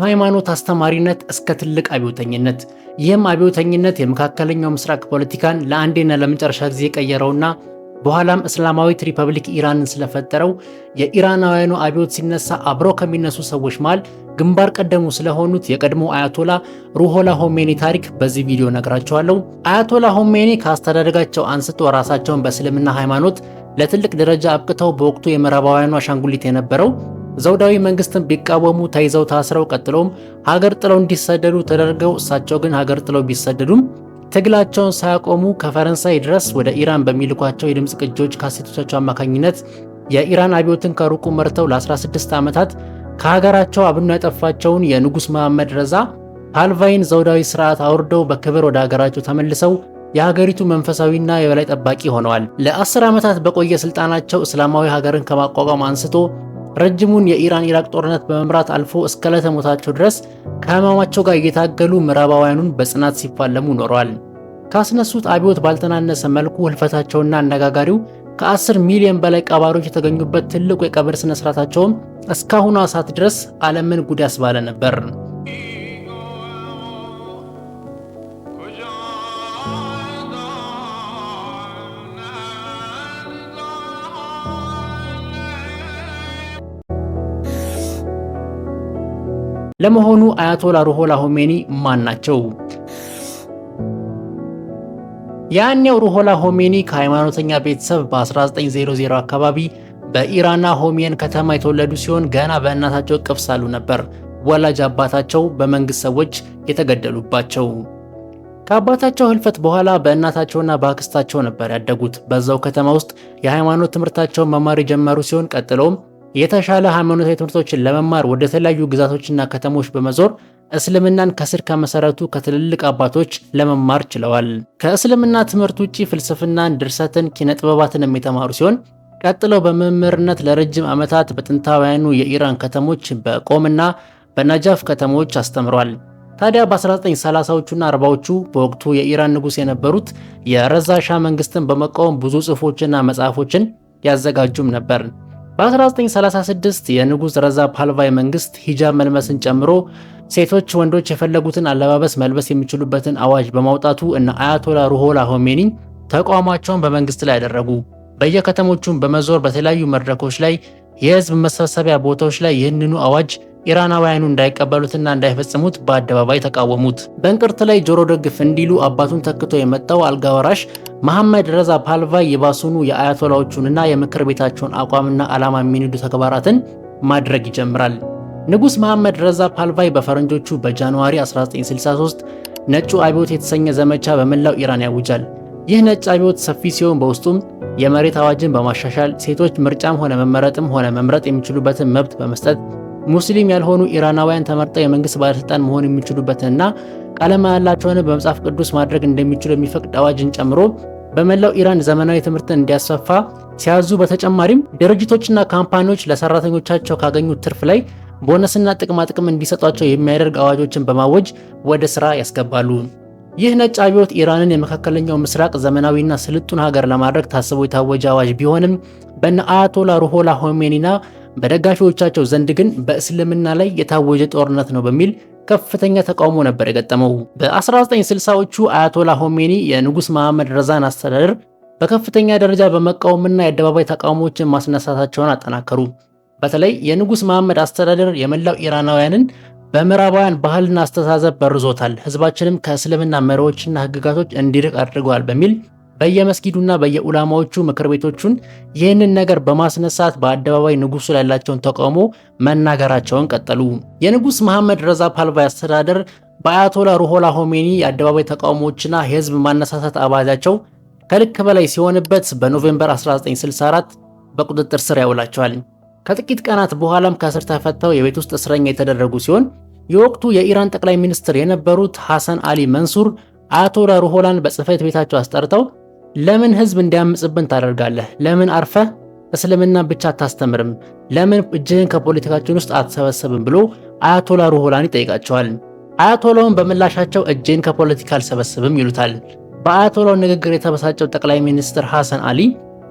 ከሃይማኖት አስተማሪነት እስከ ትልቅ አብዮተኝነት። ይህም አብዮተኝነት የመካከለኛው ምስራቅ ፖለቲካን ለአንዴና ለመጨረሻ ጊዜ ቀየረውና በኋላም እስላማዊት ሪፐብሊክ ኢራንን ስለፈጠረው የኢራናውያኑ አብዮት ሲነሳ አብረው ከሚነሱ ሰዎች መሃል ግንባር ቀደሙ ስለሆኑት የቀድሞ አያቶላ ሩሆላ ሆሜኒ ታሪክ በዚህ ቪዲዮ ነግራችኋለሁ። አያቶላ ሆሜኒ ከአስተዳደጋቸው አንስቶ ራሳቸውን በእስልምና ሃይማኖት ለትልቅ ደረጃ አብቅተው በወቅቱ የምዕራባውያኑ አሻንጉሊት የነበረው ዘውዳዊ መንግስትን ቢቃወሙ ተይዘው ታስረው ቀጥሎም ሀገር ጥለው እንዲሰደዱ ተደርገው እሳቸው ግን ሀገር ጥለው ቢሰደዱም ትግላቸውን ሳያቆሙ ከፈረንሳይ ድረስ ወደ ኢራን በሚልኳቸው የድምፅ ቅጂዎች ካሴቶቻቸው አማካኝነት የኢራን አብዮትን ከሩቁ መርተው ለ16 ዓመታት ከሀገራቸው አብኖ ያጠፋቸውን የንጉሥ መሐመድ ረዛ ፓልቫይን ዘውዳዊ ስርዓት አውርደው በክብር ወደ ሀገራቸው ተመልሰው የሀገሪቱ መንፈሳዊና የበላይ ጠባቂ ሆነዋል። ለአስር ዓመታት በቆየ ሥልጣናቸው እስላማዊ ሀገርን ከማቋቋም አንስቶ ረጅሙን የኢራን ኢራቅ ጦርነት በመምራት አልፎ እስከ ዕለተ ሞታቸው ድረስ ከህመማቸው ጋር እየታገሉ ምዕራባውያኑን በጽናት ሲፋለሙ ኖረዋል። ካስነሱት አብዮት ባልተናነሰ መልኩ ህልፈታቸውና አነጋጋሪው ከ10 ሚሊዮን በላይ ቀባሪዎች የተገኙበት ትልቁ የቀብር ስነ ስርዓታቸውም እስካሁኗ ሰዓት ድረስ ዓለምን ጉድ ያስባለ ነበር። ለመሆኑ አያቶላ ሩሆላ ሆሜኒ ማን ናቸው? ያኔው ሩሆላ ሆሜኒ ከሃይማኖተኛ ቤተሰብ በ1900 አካባቢ በኢራና ሆሜን ከተማ የተወለዱ ሲሆን ገና በእናታቸው እቅፍ ሳሉ ነበር ወላጅ አባታቸው በመንግስት ሰዎች የተገደሉባቸው። ከአባታቸው ህልፈት በኋላ በእናታቸውና በአክስታቸው ነበር ያደጉት። በዛው ከተማ ውስጥ የሃይማኖት ትምህርታቸውን መማር የጀመሩ ሲሆን ቀጥለውም የተሻለ ሃይማኖታዊ ትምህርቶችን ለመማር ወደ ተለያዩ ግዛቶችና ከተሞች በመዞር እስልምናን ከስር ከመሰረቱ ከትልልቅ አባቶች ለመማር ችለዋል። ከእስልምና ትምህርት ውጭ ፍልስፍናን፣ ድርሰትን፣ ኪነ ጥበባትን የተማሩ ሲሆን ቀጥለው በመምህርነት ለረጅም ዓመታት በጥንታውያኑ የኢራን ከተሞች በቆምና በናጃፍ ከተሞች አስተምሯል። ታዲያ በ1930ዎቹና 40ዎቹ በወቅቱ የኢራን ንጉሥ የነበሩት የረዛ ሻህ መንግስትን በመቃወም ብዙ ጽሑፎችና መጽሐፎችን ያዘጋጁም ነበር። በ1936 የንጉሥ ረዛ ፓልቫይ መንግስት ሂጃብ መልመስን ጨምሮ ሴቶች ወንዶች የፈለጉትን አለባበስ መልበስ የሚችሉበትን አዋጅ በማውጣቱ እና አያቶላ ሩሆላ ሆሜኒ ተቋማቸውን በመንግስት ላይ ያደረጉ በየከተሞቹም በመዞር በተለያዩ መድረኮች ላይ የህዝብ መሰብሰቢያ ቦታዎች ላይ ይህንኑ አዋጅ ኢራናውያኑ እንዳይቀበሉትና እንዳይፈጽሙት በአደባባይ ተቃወሙት። በእንቅርት ላይ ጆሮ ደግፍ እንዲሉ አባቱን ተክቶ የመጣው አልጋወራሽ መሐመድ ረዛ ፓልቫይ የባሱኑ የአያቶላዎቹንና የምክር ቤታቸውን አቋምና ዓላማ የሚንዱ ተግባራትን ማድረግ ይጀምራል። ንጉሥ መሐመድ ረዛ ፓልቫይ በፈረንጆቹ በጃንዋሪ 1963 ነጩ አብዮት የተሰኘ ዘመቻ በመላው ኢራን ያውጃል። ይህ ነጭ አብዮት ሰፊ ሲሆን በውስጡም የመሬት አዋጅን በማሻሻል ሴቶች ምርጫም ሆነ መመረጥም ሆነ መምረጥ የሚችሉበትን መብት በመስጠት ሙስሊም ያልሆኑ ኢራናውያን ተመርጠው የመንግስት ባለስልጣን መሆን የሚችሉበትንና ቃለ ያላቸውን በመጽሐፍ ቅዱስ ማድረግ እንደሚችሉ የሚፈቅድ አዋጅን ጨምሮ በመላው ኢራን ዘመናዊ ትምህርትን እንዲያስፋፋ ሲያዙ፣ በተጨማሪም ድርጅቶችና ካምፓኒዎች ለሰራተኞቻቸው ካገኙት ትርፍ ላይ ቦነስና ጥቅማጥቅም እንዲሰጧቸው የሚያደርግ አዋጆችን በማወጅ ወደ ስራ ያስገባሉ። ይህ ነጭ አብዮት ኢራንን የመካከለኛው ምስራቅ ዘመናዊና ስልጡን ሀገር ለማድረግ ታስቦ የታወጀ አዋጅ ቢሆንም በነ አያቶላ ሩሆላ ሆሜኒና በደጋፊዎቻቸው ዘንድ ግን በእስልምና ላይ የታወጀ ጦርነት ነው በሚል ከፍተኛ ተቃውሞ ነበር የገጠመው። በ1960ዎቹ አያቶላ ሆሜኒ የንጉሥ መሐመድ ረዛን አስተዳደር በከፍተኛ ደረጃ በመቃወምና የአደባባይ ተቃውሞዎችን ማስነሳታቸውን አጠናከሩ። በተለይ የንጉሥ መሐመድ አስተዳደር የመላው ኢራናውያንን በምዕራባውያን ባህልና አስተሳሰብ በርዞታል፣ ህዝባችንም ከእስልምና መሪዎችና ህግጋቶች እንዲርቅ አድርገዋል በሚል በየመስጊዱና በየኡላማዎቹ ምክር ቤቶቹን ይህንን ነገር በማስነሳት በአደባባይ ንጉሱ ላይ ያላቸውን ተቃውሞ መናገራቸውን ቀጠሉ። የንጉስ መሐመድ ረዛ ፓህላዊ አስተዳደር በአያቶላ ሩሆላ ሆሜኒ የአደባባይ ተቃውሞዎችና የህዝብ ማነሳሳት አባዛቸው ከልክ በላይ ሲሆንበት በኖቬምበር 1964 በቁጥጥር ስር ያውላቸዋል። ከጥቂት ቀናት በኋላም ከእስር ተፈተው የቤት ውስጥ እስረኛ የተደረጉ ሲሆን የወቅቱ የኢራን ጠቅላይ ሚኒስትር የነበሩት ሐሰን አሊ መንሱር አያቶላ ሩሆላን በጽህፈት ቤታቸው አስጠርተው ለምን ህዝብ እንዲያምጽብን ታደርጋለህ? ለምን አርፈህ እስልምና ብቻ አታስተምርም? ለምን እጅህን ከፖለቲካችን ውስጥ አትሰበሰብም? ብሎ አያቶላ ሩሆላን ይጠይቃቸዋል። አያቶላውን በምላሻቸው እጄን ከፖለቲካ አልሰበስብም ይሉታል። በአያቶላው ንግግር የተበሳጨው ጠቅላይ ሚኒስትር ሐሰን አሊ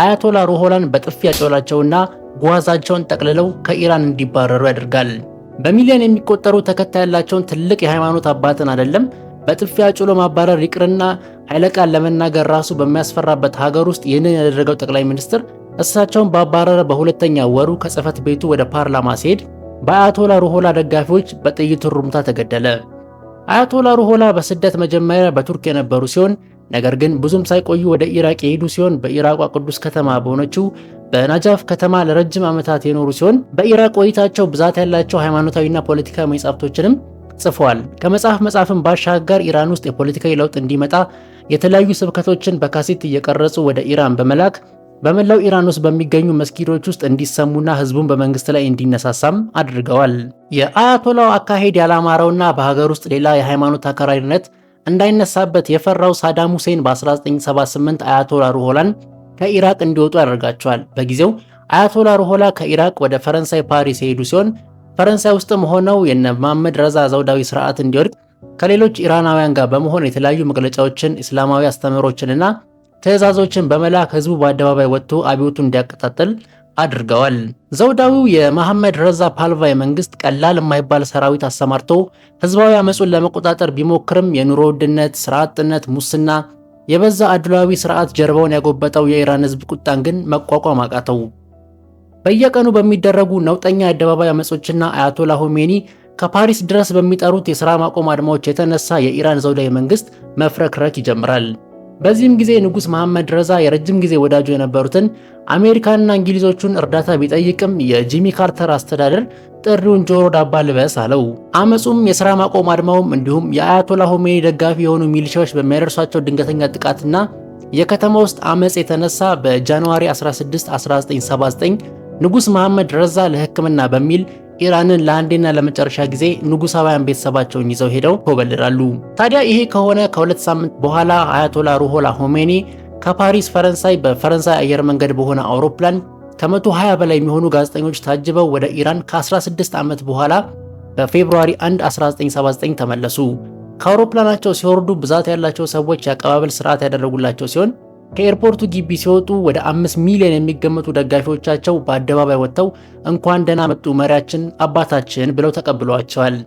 አያቶላ ሩሆላን በጥፊ ያጮላቸውና ጓዛቸውን ጠቅልለው ከኢራን እንዲባረሩ ያደርጋል። በሚሊዮን የሚቆጠሩ ተከታይ ያላቸውን ትልቅ የሃይማኖት አባትን አይደለም በጥፊያ ጭሎ ማባረር ይቅርና ኃይለ ቃል ለመናገር ራሱ በሚያስፈራበት ሀገር ውስጥ ይህንን ያደረገው ጠቅላይ ሚኒስትር እሳቸውን ባባረረ በሁለተኛ ወሩ ከጽህፈት ቤቱ ወደ ፓርላማ ሲሄድ በአያቶላ ሩሆላ ደጋፊዎች በጥይት ሩምታ ተገደለ። አያቶላ ሩሆላ በስደት መጀመሪያ በቱርክ የነበሩ ሲሆን ነገር ግን ብዙም ሳይቆዩ ወደ ኢራቅ የሄዱ ሲሆን በኢራቋ ቅዱስ ከተማ በሆነችው በናጃፍ ከተማ ለረጅም ዓመታት የኖሩ ሲሆን በኢራቅ ቆይታቸው ብዛት ያላቸው ሃይማኖታዊና ፖለቲካዊ መጻሕፍቶችንም ጽፈዋል። ከመጽሐፍ መጽሐፍን ባሻገር ኢራን ውስጥ የፖለቲካዊ ለውጥ እንዲመጣ የተለያዩ ስብከቶችን በካሴት እየቀረጹ ወደ ኢራን በመላክ በመላው ኢራን ውስጥ በሚገኙ መስጊዶች ውስጥ እንዲሰሙና ህዝቡን በመንግስት ላይ እንዲነሳሳም አድርገዋል። የአያቶላው አካሄድ ያላማረውና በሀገር ውስጥ ሌላ የሃይማኖት አከራሪነት እንዳይነሳበት የፈራው ሳዳም ሁሴን በ1978 አያቶላ ሩሆላን ከኢራቅ እንዲወጡ ያደርጋቸዋል። በጊዜው አያቶላ ሩሆላ ከኢራቅ ወደ ፈረንሳይ ፓሪስ የሄዱ ሲሆን ፈረንሳይ ውስጥም ሆነው የነ መሐመድ ረዛ ዘውዳዊ ስርዓት እንዲወድቅ ከሌሎች ኢራናውያን ጋር በመሆን የተለያዩ መግለጫዎችን፣ እስላማዊ አስተምህሮችንና ትዕዛዞችን በመላክ ህዝቡ በአደባባይ ወጥቶ አብዮቱ እንዲያቀጣጥል አድርገዋል። ዘውዳዊው የመሐመድ ረዛ ፓልቫይ መንግስት ቀላል የማይባል ሰራዊት አሰማርቶ ህዝባዊ አመፁን ለመቆጣጠር ቢሞክርም የኑሮ ውድነት፣ ስራ አጥነት፣ ሙስና የበዛ አድሏዊ ስርዓት ጀርባውን ያጎበጠው የኢራን ህዝብ ቁጣን ግን መቋቋም አቃተው። በየቀኑ በሚደረጉ ነውጠኛ የአደባባይ አመጾችና አያቶላ ሆሜኒ ከፓሪስ ድረስ በሚጠሩት የሥራ ማቆም አድማዎች የተነሳ የኢራን ዘውዳዊ መንግሥት መፍረክረክ ይጀምራል። በዚህም ጊዜ ንጉስ መሐመድ ረዛ የረጅም ጊዜ ወዳጁ የነበሩትን አሜሪካንና እንግሊዞቹን እርዳታ ቢጠይቅም የጂሚ ካርተር አስተዳደር ጥሪውን ጆሮ ዳባ ልበስ አለው። አመፁም የሥራ ማቆም አድማውም እንዲሁም የአያቶላ ሆሜኒ ደጋፊ የሆኑ ሚሊሻዎች በሚያደርሷቸው ድንገተኛ ጥቃትና የከተማ ውስጥ አመፅ የተነሳ በጃንዋሪ 16 1979 ንጉስ መሐመድ ረዛ ለሕክምና በሚል ኢራንን ለአንዴና ለመጨረሻ ጊዜ ንጉሳውያን ቤተሰባቸውን ይዘው ሄደው ይኮበልላሉ። ታዲያ ይሄ ከሆነ ከሁለት ሳምንት በኋላ አያቶላ ሩሆላ ሆሜኒ ከፓሪስ ፈረንሳይ በፈረንሳይ አየር መንገድ በሆነ አውሮፕላን ከ120 በላይ የሚሆኑ ጋዜጠኞች ታጅበው ወደ ኢራን ከ16 ዓመት በኋላ በፌብሩዋሪ 1 1979 ተመለሱ። ከአውሮፕላናቸው ሲወርዱ ብዛት ያላቸው ሰዎች የአቀባበል ስርዓት ያደረጉላቸው ሲሆን ከኤርፖርቱ ግቢ ሲወጡ ወደ አምስት ሚሊዮን የሚገመቱ ደጋፊዎቻቸው በአደባባይ ወጥተው እንኳን ደህና መጡ መሪያችን አባታችን ብለው ተቀብለዋቸዋል።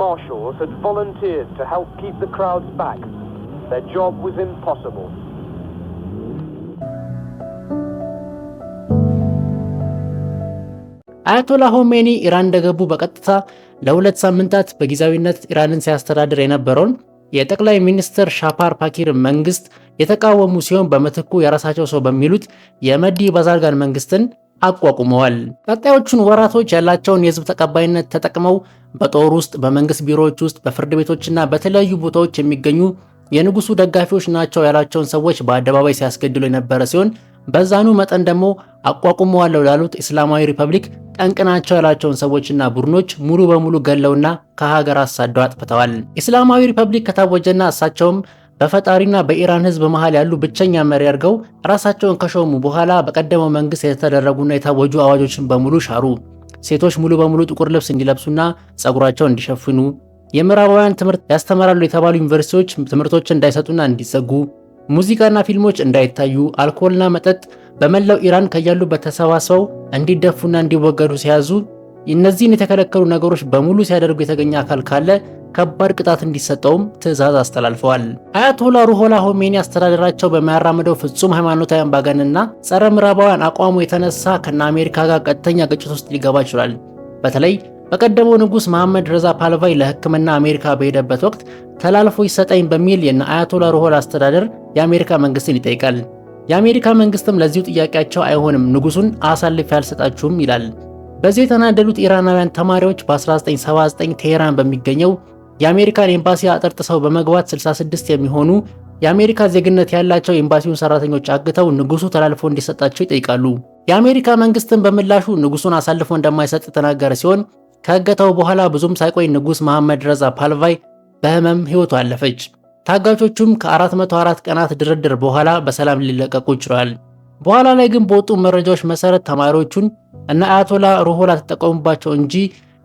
marshals had volunteered to help keep the crowds back, their job was impossible. አያቶላ ሆሜኒ ኢራን እንደገቡ በቀጥታ ለሁለት ሳምንታት በጊዜያዊነት ኢራንን ሲያስተዳድር የነበረውን የጠቅላይ ሚኒስትር ሻፓር ፓኪር መንግስት የተቃወሙ ሲሆን በምትኩ የራሳቸው ሰው በሚሉት የመዲ ባዛርጋን መንግስትን አቋቁመዋል። ቀጣዮቹን ወራቶች ያላቸውን የህዝብ ተቀባይነት ተጠቅመው በጦር ውስጥ፣ በመንግስት ቢሮዎች ውስጥ፣ በፍርድ ቤቶችና በተለያዩ ቦታዎች የሚገኙ የንጉሱ ደጋፊዎች ናቸው ያላቸውን ሰዎች በአደባባይ ሲያስገድሉ የነበረ ሲሆን በዛኑ መጠን ደግሞ አቋቁመዋለሁ ላሉት እስላማዊ ሪፐብሊክ ጠንቅ ናቸው ያላቸውን ሰዎችና ቡድኖች ሙሉ በሙሉ ገለውና ከሀገር አሳደው አጥፍተዋል። እስላማዊ ሪፐብሊክ ከታወጀና እሳቸውም በፈጣሪና በኢራን ህዝብ መሃል ያሉ ብቸኛ መሪ አድርገው ራሳቸውን ከሾሙ በኋላ በቀደመው መንግስት የተደረጉና የታወጁ አዋጆችን በሙሉ ሻሩ። ሴቶች ሙሉ በሙሉ ጥቁር ልብስ እንዲለብሱና ጸጉራቸውን እንዲሸፍኑ፣ የምዕራባውያን ትምህርት ያስተምራሉ የተባሉ ዩኒቨርሲቲዎች ትምህርቶችን እንዳይሰጡና እንዲዘጉ፣ ሙዚቃና ፊልሞች እንዳይታዩ፣ አልኮልና መጠጥ በመላው ኢራን ከያሉበት ተሰባስበው እንዲደፉና እንዲወገዱ ሲያዙ እነዚህን የተከለከሉ ነገሮች በሙሉ ሲያደርጉ የተገኘ አካል ካለ ከባድ ቅጣት እንዲሰጠውም ትዕዛዝ አስተላልፈዋል። አያቶላ ሩሆላ ሆሜኒ አስተዳደራቸው በሚያራምደው ፍጹም ሃይማኖታዊ አምባገንና ጸረ ምዕራባውያን አቋሙ የተነሳ ከና አሜሪካ ጋር ቀጥተኛ ግጭት ውስጥ ሊገባ ይችላል። በተለይ በቀደመው ንጉሥ መሐመድ ረዛ ፓልቫይ ለሕክምና አሜሪካ በሄደበት ወቅት ተላልፎ ይሰጠኝ በሚል የና አያቶላ ሩሆላ አስተዳደር የአሜሪካ መንግስትን ይጠይቃል። የአሜሪካ መንግስትም ለዚሁ ጥያቄያቸው አይሆንም፣ ንጉሱን አሳልፌ አልሰጣችሁም ይላል። በዚህ የተናደዱት ኢራናውያን ተማሪዎች በ1979 ቴሄራን በሚገኘው የአሜሪካን ኤምባሲ አጠርጥሰው በመግባት 66 የሚሆኑ የአሜሪካ ዜግነት ያላቸው ኤምባሲውን ሰራተኞች አግተው ንጉሱ ተላልፎ እንዲሰጣቸው ይጠይቃሉ። የአሜሪካ መንግስትን በምላሹ ንጉሱን አሳልፎ እንደማይሰጥ የተናገረ ሲሆን ከእገታው በኋላ ብዙም ሳይቆይ ንጉስ መሐመድ ረዛ ፓልቫይ በህመም ህይወቱ አለፈች። ታጋቾቹም ከ404 ቀናት ድርድር በኋላ በሰላም ሊለቀቁ ችሏል። በኋላ ላይ ግን በወጡ መረጃዎች መሰረት ተማሪዎቹን እና አያቶላ ሩሆላ ተጠቀሙባቸው እንጂ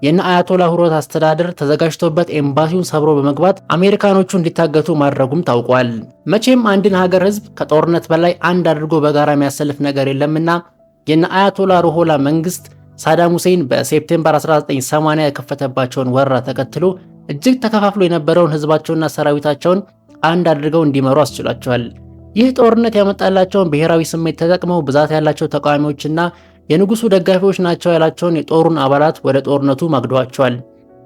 የነ አያቶላ ሁሮት አስተዳደር ተዘጋጅቶበት ኤምባሲውን ሰብሮ በመግባት አሜሪካኖቹ እንዲታገቱ ማድረጉም ታውቋል። መቼም አንድን ሀገር ህዝብ ከጦርነት በላይ አንድ አድርጎ በጋራ የሚያሰልፍ ነገር የለምና የነ አያቶላ ሩሆላ መንግስት ሳዳም ሁሴን በሴፕቴምበር 1980 የከፈተባቸውን ወረራ ተከትሎ እጅግ ተከፋፍሎ የነበረውን ህዝባቸውና ሰራዊታቸውን አንድ አድርገው እንዲመሩ አስችሏቸዋል። ይህ ጦርነት ያመጣላቸውን ብሔራዊ ስሜት ተጠቅመው ብዛት ያላቸው ተቃዋሚዎችና የንጉሱ ደጋፊዎች ናቸው ያላቸውን የጦሩን አባላት ወደ ጦርነቱ ማግደዋቸዋል።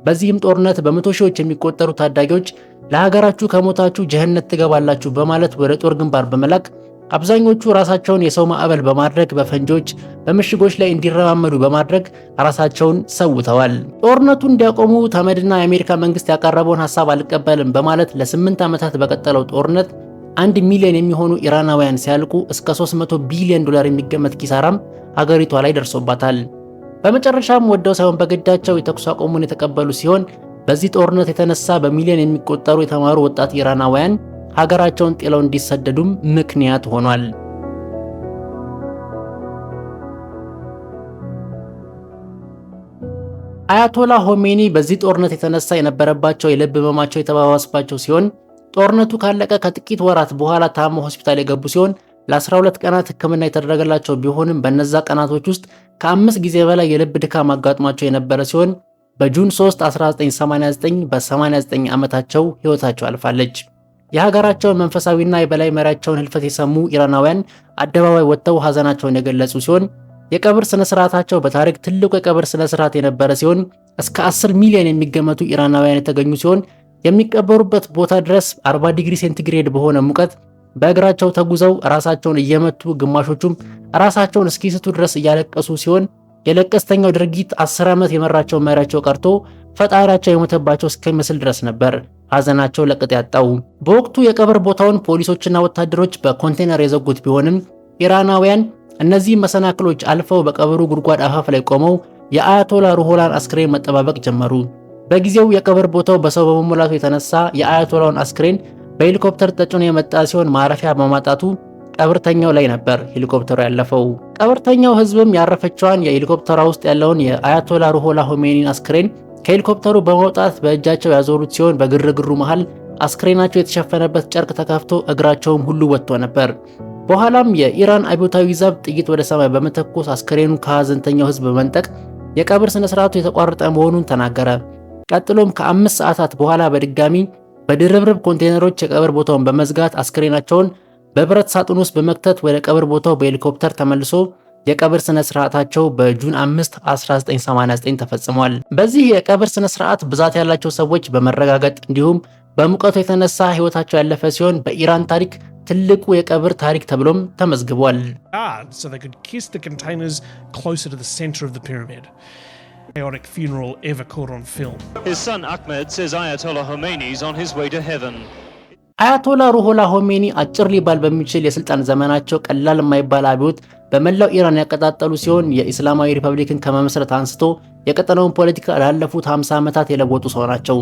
በዚህም ጦርነት በመቶ ሺዎች የሚቆጠሩ ታዳጊዎች ለሀገራችሁ ከሞታችሁ ጀህነት ትገባላችሁ በማለት ወደ ጦር ግንባር በመላክ አብዛኞቹ ራሳቸውን የሰው ማዕበል በማድረግ በፈንጂዎች በምሽጎች ላይ እንዲረማመዱ በማድረግ ራሳቸውን ሰውተዋል። ጦርነቱ እንዲያቆሙ ተመድና የአሜሪካ መንግስት ያቀረበውን ሀሳብ አልቀበልም በማለት ለስምንት ዓመታት በቀጠለው ጦርነት አንድ ሚሊዮን የሚሆኑ ኢራናውያን ሲያልቁ እስከ 300 ቢሊዮን ዶላር የሚገመት ኪሳራም አገሪቷ ላይ ደርሶባታል። በመጨረሻም ወደው ሳይሆን በግዳቸው የተኩስ አቁሙን የተቀበሉ ሲሆን በዚህ ጦርነት የተነሳ በሚሊዮን የሚቆጠሩ የተማሩ ወጣት ኢራናውያን ሀገራቸውን ጥለው እንዲሰደዱም ምክንያት ሆኗል። አያቶላ ሆሜኒ በዚህ ጦርነት የተነሳ የነበረባቸው የልብ ህመማቸው የተባባሰባቸው ሲሆን ጦርነቱ ካለቀ ከጥቂት ወራት በኋላ ታሞ ሆስፒታል የገቡ ሲሆን ለ12 ቀናት ሕክምና የተደረገላቸው ቢሆንም በነዛ ቀናቶች ውስጥ ከአምስት ጊዜ በላይ የልብ ድካም አጋጥሟቸው የነበረ ሲሆን በጁን 3 1989 በ89 ዓመታቸው ሕይወታቸው አልፋለች። የሀገራቸውን መንፈሳዊና የበላይ መሪያቸውን ህልፈት የሰሙ ኢራናውያን አደባባይ ወጥተው ሀዘናቸውን የገለጹ ሲሆን የቀብር ስነ ስርዓታቸው በታሪክ ትልቁ የቀብር ስነ ስርዓት የነበረ ሲሆን እስከ 10 ሚሊዮን የሚገመቱ ኢራናውያን የተገኙ ሲሆን የሚቀበሩበት ቦታ ድረስ 40 ዲግሪ ሴንቲግሬድ በሆነ ሙቀት በእግራቸው ተጉዘው ራሳቸውን እየመቱ ግማሾቹም ራሳቸውን እስኪስቱ ድረስ እያለቀሱ ሲሆን የለቀስተኛው ድርጊት 10 ዓመት የመራቸው መሪያቸው ቀርቶ ፈጣሪያቸው የሞተባቸው እስከሚመስል ድረስ ነበር ሐዘናቸው ለቅጥ ያጣው። በወቅቱ የቀብር ቦታውን ፖሊሶችና ወታደሮች በኮንቴነር የዘጉት ቢሆንም ኢራናውያን እነዚህ መሰናክሎች አልፈው በቀብሩ ጉድጓድ አፋፍ ላይ ቆመው የአያቶላ ሩሆላን አስክሬን መጠባበቅ ጀመሩ። በጊዜው የቀብር ቦታው በሰው በመሞላቱ የተነሳ የአያቶላውን አስክሬን በሄሊኮፕተር ተጭኖ የመጣ ሲሆን ማረፊያ በማጣቱ ቀብርተኛው ላይ ነበር ሄሊኮፕተሩ ያለፈው። ቀብርተኛው ህዝብም ያረፈችዋን የሄሊኮፕተሯ ውስጥ ያለውን የአያቶላ ሩሆላ ሆሜኒን አስክሬን ከሄሊኮፕተሩ በመውጣት በእጃቸው ያዞሩት ሲሆን በግርግሩ መሃል አስክሬናቸው የተሸፈነበት ጨርቅ ተከፍቶ እግራቸውም ሁሉ ወጥቶ ነበር። በኋላም የኢራን አብዮታዊ ዘብ ጥይት ወደ ሰማይ በመተኮስ አስክሬኑ ከሀዘንተኛው ህዝብ በመንጠቅ የቀብር ስነስርዓቱ የተቋረጠ መሆኑን ተናገረ። ቀጥሎም ከአምስት ሰዓታት በኋላ በድጋሚ በድርብርብ ኮንቴይነሮች የቀብር ቦታውን በመዝጋት አስክሬናቸውን በብረት ሳጥን ውስጥ በመክተት ወደ ቀብር ቦታው በሄሊኮፕተር ተመልሶ የቀብር ስነ ስርዓታቸው በጁን 5 1989 ተፈጽሟል። በዚህ የቀብር ስነ ስርዓት ብዛት ያላቸው ሰዎች በመረጋገጥ እንዲሁም በሙቀቱ የተነሳ ህይወታቸው ያለፈ ሲሆን በኢራን ታሪክ ትልቁ የቀብር ታሪክ ተብሎም ተመዝግቧል። ah, chaotic funeral ever caught on film. His son Ahmed says Ayatollah is on his way to heaven. አያቶላ ሩሆላ ሆሜኒ አጭር ሊባል በሚችል የስልጣን ዘመናቸው ቀላል የማይባል አብዮት በመላው ኢራን ያቀጣጠሉ ሲሆን የኢስላማዊ ሪፐብሊክን ከመመስረት አንስቶ የቀጠናውን ፖለቲካ ላለፉት 50 ዓመታት የለወጡ ሰው ናቸው።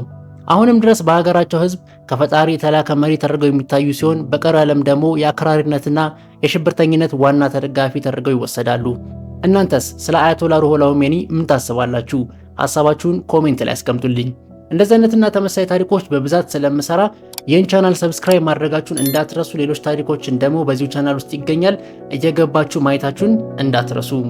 አሁንም ድረስ በሀገራቸው ሕዝብ ከፈጣሪ የተላከ መሪ ተደርገው የሚታዩ ሲሆን በቀር ዓለም ደግሞ የአክራሪነትና የሽብርተኝነት ዋና ተደጋፊ ተደርገው ይወሰዳሉ። እናንተስ ስለ አያቶላ ሩሆላ ሆሜኒ ምን ታስባላችሁ? ሀሳባችሁን ኮሜንት ላይ አስቀምጡልኝ። እንደዚህ አይነትና ተመሳሳይ ታሪኮች በብዛት ስለምሰራ ይህን ቻናል ሰብስክራይብ ማድረጋችሁን እንዳትረሱ። ሌሎች ታሪኮችን ደግሞ በዚሁ ቻናል ውስጥ ይገኛል፣ እየገባችሁ ማየታችሁን እንዳትረሱ።